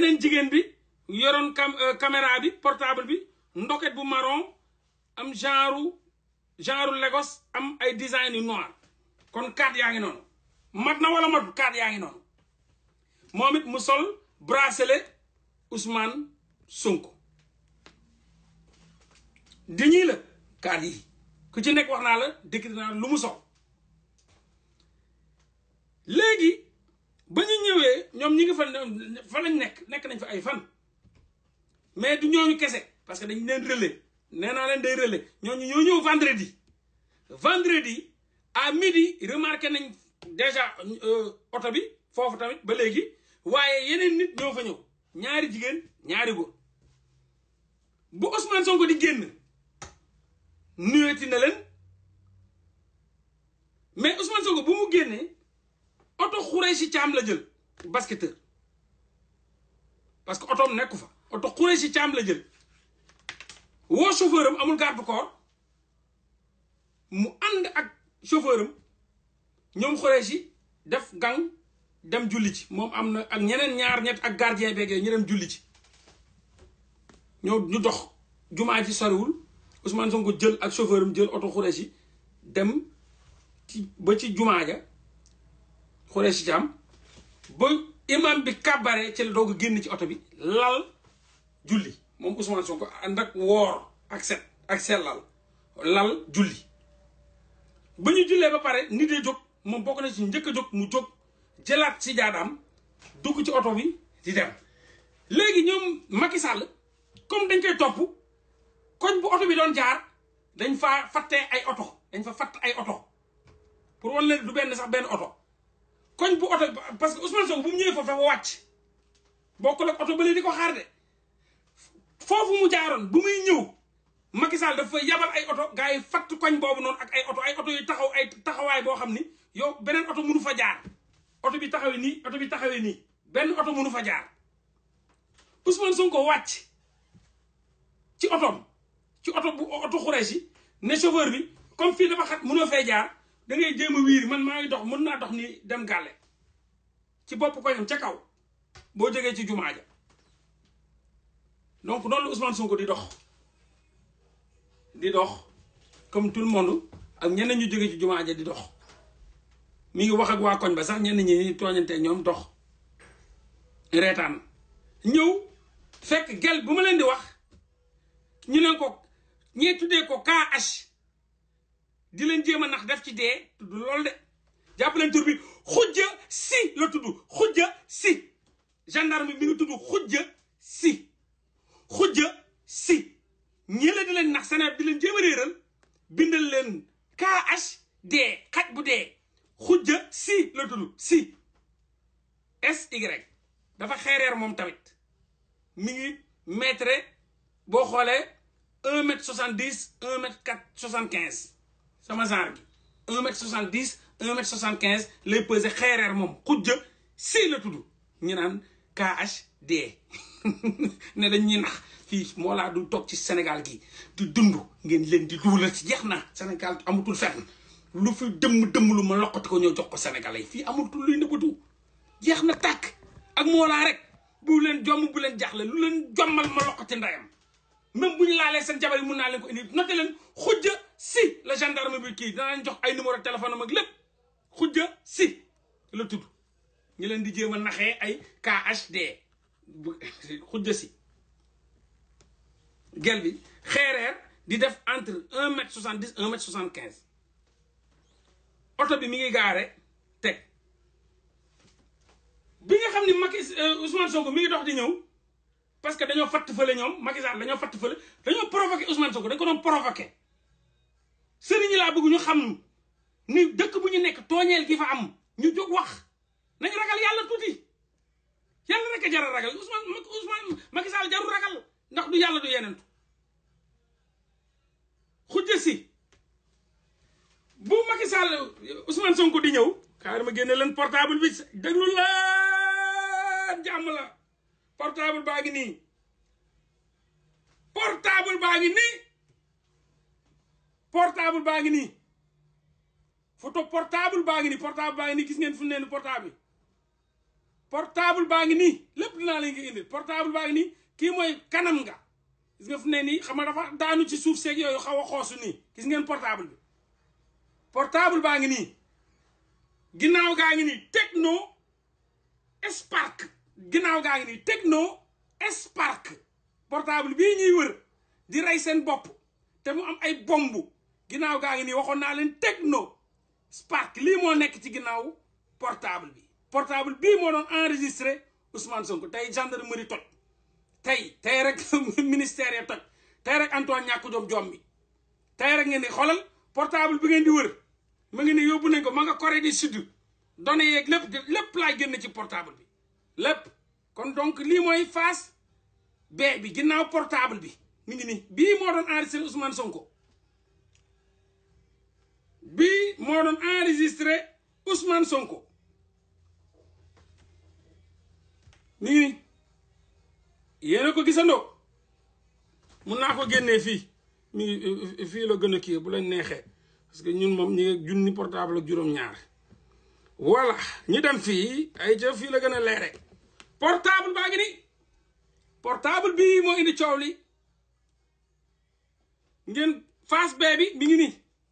beneen jigéen bi yoroon cam euh, caméra bi portable bi ndoket bu marron am genre genre Lagos am ay design yu noir kon kaat yaa ngi noonu mat na wala mat kaat yaa ngi noonu moom it mu sol bracelet Ousmane Sonko di ñii la kaat yi ku ci nekk wax naa la dëkk naa lu mu sol léegi ba ñu ñëwee ñoom ñi ngi fa fa lañ nekk nekk nañ fa ay fan mais du ñooñu kese parce que dañ leen relais nee naa leen day relais ñooñu ñoo ñëw vendredi vendredi à midi remarqué nañ déjà euh, oto bi foofu tamit ba léegi waaye yeneen nit ñoo fa ñëw ñaari jigéen ñaari góor bu Ousmane Sonko di génn nuyeeti na leen mais Ousmane Sonko bu mu génnee auto Khoureychi cham la jël basketteur parce que auto nekou fa auto Khoureychi cham la jël wo chauffeur amul garde corps mu ànd ak chauffeur ñom ñoom def gang dem julli ci mom amna ak ñeneen ñaar ñet ak gardien bege ñu dem julli ci ñoo ñu dox juma ci sorewul Ousmane Sonko jël ak chauffeur jël auto Khoureychi dem ci ba ci juma ja xuree si jàmm ba imam bi kàbbaree ci la doog a génn ci oto bi lal julli moom Ousmane Sonko ànd ak woor ak set ak sellal lal julli ba ñu jullee ba pare nit dee jóg moom bokk na ci njëkk a jóg mu jóg jëlaat si jaadaam dugg ci oto bi di dem léegi ñoom Macky sàll comme dañ koy topp koñ bu oto bi doon jaar dañ fa fatte ay oto dañ fa fatt ay oto pour wan leen du benn sax benn oto koñ bu auto parce que Ousmane Sonko bu mu ñëwee foofu dafa wacc bokku nak auto bële diko xaar de fofu mu jaaroon bu muy ñëw Macky Sall dafa yabal ay auto gaay yi koñ bobu non ak ay auto ay auto yu taxaw ay taxaway bo xamni yo benen auto mënu fa jaar auto bi taxawé ni auto bi taxawé ni benn auto mënu fa jaar Ousmane Sonko wacc ci auto ci auto bu auto xurees ne chauffeur bi comme fi dafa xat mënoo fee jaar. da ngay jéem a wiir man maa ngi dox mën naa dox ni dem gàlle ci bopp koñam ca kaw boo jógee ci jumaa ja donc noonu la Ousmane Sonko di dox di dox comme tout le monde ak ñenn ñu jógee ci jumaa ja di dox mi ngi wax ak waa koñ ba sax ñenn ñi tooñante ñoom dox reetaan ñëw fekk gel bu ma leen di wax ñu leen ko ñee tuddee ko kaa KH di leen jéem a nax def ci dee tudd loolu de jàpp leen tur bi xujja si la tudd xujja si gendarme mi ngi tudd si xujja si ñii la di leen nax Sénégal di leen jéem a réeral bindal leen KH bu dee xujja si la tudd si SY dafa xeereer moom tamit mi ngi mètre boo xoolee un mètre soixante dix un mètre quatre soixante quinze sama genre gi un mètre soixante dix un mètre soixante quinze lay pesé xeereer moom xujja si la tudd ñu naan KHD ne dañ ñuy nax fii moo laa du toog ci Sénégal gi di dund ngeen leen di duulal ci jeex na Sénégal amatul fenn lu fi dëmm dëmm lu ma loqati ko ñëw jox ko Sénégalais fii amatul luy nëbbatu jeex na tàkk ak moo laa rek bu leen jomm bu leen jaxle lu leen jommal ma loqati ndayam même bu ñu laalee seen jabar yi mun naa leen ko indi noté leen xujja si la gendarme bi kii danañ jox ay numéro téléphone am ak lépp xujja si la tudd ñu leen di jéem a naxee ay KHD xujja si gel bi xeereer di def entre un mètre soixante dix un mètre soixante quinze oto bi mi ngi gaare teg bi nga xam ni Macky euh, Ousmane Sonko mi ngi dox di ñëw parce que dañoo fatt fële ñoom Macky Sall dañoo fatt fële dañoo provoqué Ousmane Sonko dañ ko doon provoqué sëriñ laa bëgg ñu xam ni dëkk bu ñu nekk tooñeel gi fa am ñu jóg wax nañu ragal yàlla tuuti yàlla rek a ragal Ousmane Ousmane Macky jaru ragal ndax du yàlla du yenentu xujja si bu Macky Sall Ousmane di ñëw xaaral ma génne leen portable bi déglu la jàmm la portable baa ngi nii portable baa ngi nii portable baa ngi nii photo portable baa ngi nii portable baa ngi nii gis ngeen fu neen portable portable baa ngi nii lépp dinaa leen ko indil portable baa ngi nii kii mooy kanam nga gis nga fu ne nii xam nga dafa daanu ci suuf seeg yooyu xaw a xoosu nii gis ngeen portable bi portable baa ngi nii ginnaaw gaa ngi nii Tecno Spark ginnaaw gaa ngi nii Tecno Spark portable bii ñuy wër di rey seen bopp te mu am ay bomb ginnaaw gaa ngi nii waxoon naa leen techno spark lii moo nekk ci ginnaaw portable bi portable bii moo doon enregistré Ousmane Sonko tey gendarmerie toj tey tey rek ministère ya toj tey rek Antoine ñàkk jom jom bi tey rek ngeen di xoolal portable bi ngeen di wër ma ngi ne yóbbu nañ ko ma nga Corée du Sud données yeeg lëpp lépp laay génn ci portable bi lépp kon donc lii mooy phase B bi ginnaaw portable bi mi ngi ni bii moo doon enregistré Ousmane ko bi mo don enregistré Ousmane Sonko ni ni yéena ko gissando mun na ko génnee fi mi eh, fi lo gëna ki bu lañ nexé parce que ñun mom ñi portable ak juróom-ñaar wala ñi dem fi ay jëf fi la gëna léré portable baa portable bi mo indi ciowli ngeen face baby ngi ni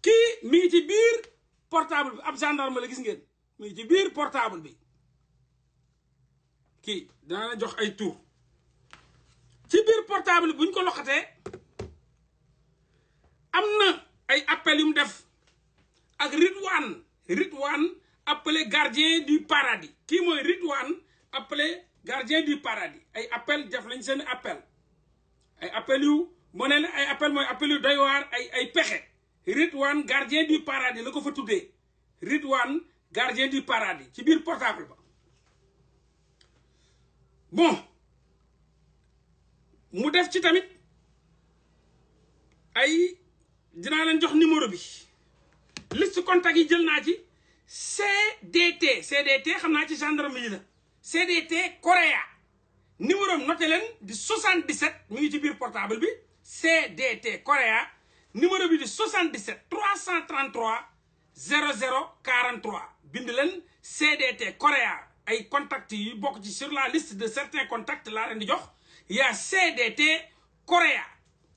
kii mi ngi ci biir portable bi ab gendarme la gis ngeen mi ci biir portable bi kii dana jox ay tur ci biir portable buñ ko loxatee am na ay appel yu mu def ak Ridwan Ridwan appelé gardien du paradis kii mooy Ridwan appelé gardien du paradis ay appel def lañ seen appel ay appel yu moo ne ay appel mooy appel yu doy ay pexe Ritwan gardien du paradis le ko fa gardien du paradis ci biir portable ba bon mu def ci tamit ay dina jox numéro bi liste contact yi jël n'a ci CDT CDT ci CDT Korea numéro noté len 77 mu ci CDT Korea numéro bi 77 333 0043 43 CDT Korea ay contact yi bok ci sur la liste de certains contacts la leen jox y a CDT Korea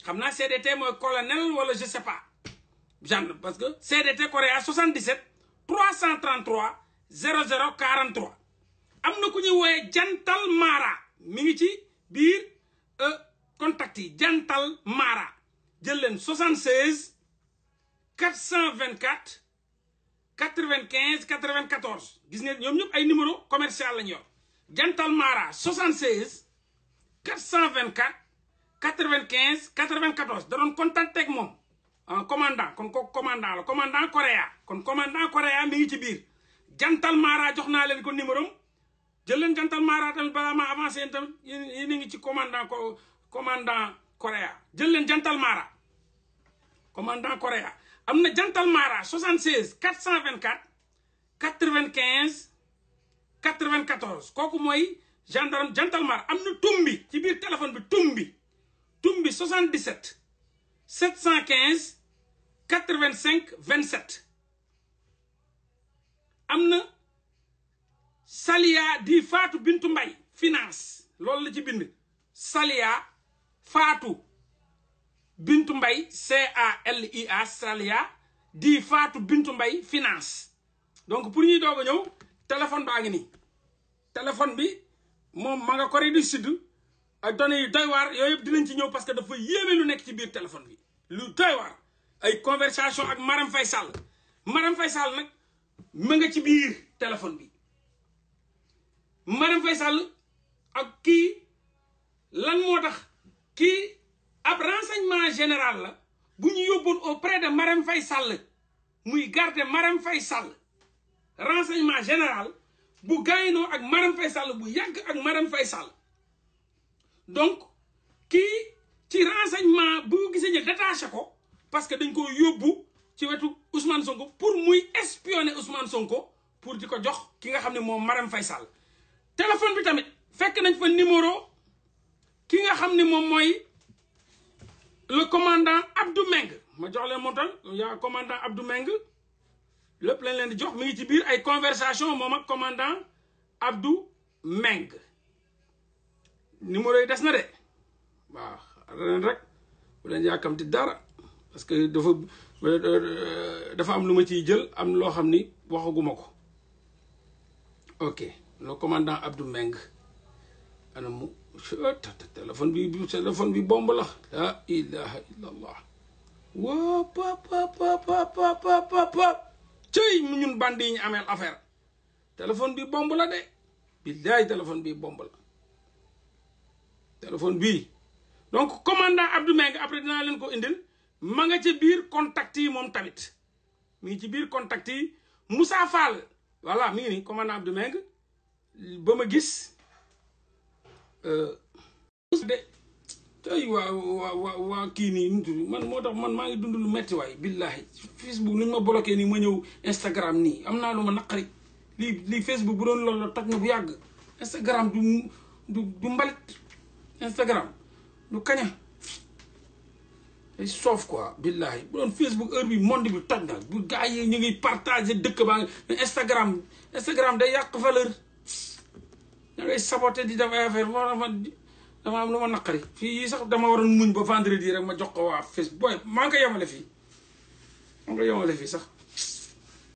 xamna CDT colonel ou je sais pas parce que CDT Korea 77 333 0043 43 am ku Jantal Mara mi ngi ci euh, contact yi Jantal Mara jël leen 76 424 95 94 gis ngeen ñoom ñëpp ay numéro commercial lañu yor Jantal Mara 76 424 95 94 da doon contacté ak moom ah commandant kon ko commandant la commandant Korea kon commandant mi ngi ci biir Jantal Mara jox naa leen ko numéro jël leen Jantal Mara tamit balaa maa avancé tamit yéen a ngi ci commandant ko commandant Korea jël Jantal Mara commandant Coréa. Amna na Mara 76 424 95 94 Koko mooy gendarme jantal Mara tumbi ci biir téléphone bi tumbi tumbi 77 715 85 27 Amna Salia di Fatou Bintou finance loolu la ci bind Fatou. Bintu Mbay CALIA Salia di Faatu Bintu Mbay finance donc pour ñuy doog a ñëw téléphone baa ngi nii téléphone bi moom ma nga Corée du Sud ay données yu doy waar yooyu yëpp dinañ ci ñëw parce que dafa yéeme lu nekk ci biir téléphone bi lu doy waar ay conversation ak Marème Faye Sall Marème Faye Sall nag ma nga ci biir téléphone bi Marème Faye Sall ak kii lan moo tax kii ab renseignement général la bu ñu auprès de Marem Faisal, Sall muy garde Marem Faye renseignement général bu gayno ak Marème Faye Sall bu yàgg ak Marème Faye donc ki ci renseignement bu ko ñu détaché ko parce que dañ ko yobbu ci Ousmane Sonko pour muy espionner Ousmane Sonko pour dire jox ki nga xam mom moom téléphone bi tamit fekk nañ fa numéro ki nga xam mom moy le commandant Abdou Meng ma jox leen montal yaa commandant Abdou Meng lépp lañ leen di jox mi ngi ci biir ay conversation moom ak commandant Abdou Meng numéro yi des na de waaw ren rek bu leen yàkkamti dara parce que dafa euh, dafa am lu ma ciy jël am loo xam ni waxaguma ko ok le commandant Abdou Meng anamu telepon bi telepon bi bomb la la ilaha illallah pa pa pa mu ñun bandi ñi amel affaire telepon bi bomb la de billahi téléphone bi bomb la téléphone bi donc commandant Abdou Meng après dina len ko indil ma nga ci bir contact yi mom tamit mi ci bir contact yi Moussa Fall voilà mi ni commandant Abdou Meng bama gis Euh, de tey waa waa waa kii nii nu moo tax man maa ngi dund lu metti waay billaahi facebook ni ñu ma bloqué nii ma ñëw instagram nii am naa lu ma naqari lii lii facebook bu doon loolu la toj na bu yàgg instagram du du du mbalit instagram du kaña soof quoi doon Facebook heure bi bi toj na yi ñu ngi partager dëkk baa Instagram Instagram day yàq valeur da ngay saboté di def ay affaire loolu ma dama am lu ma naqari fii sax dama waroon muñ ba vendredi rek ma jox ko waa Facebook booy maa ngi ko yemale fii maa ngi ko yemale fii sax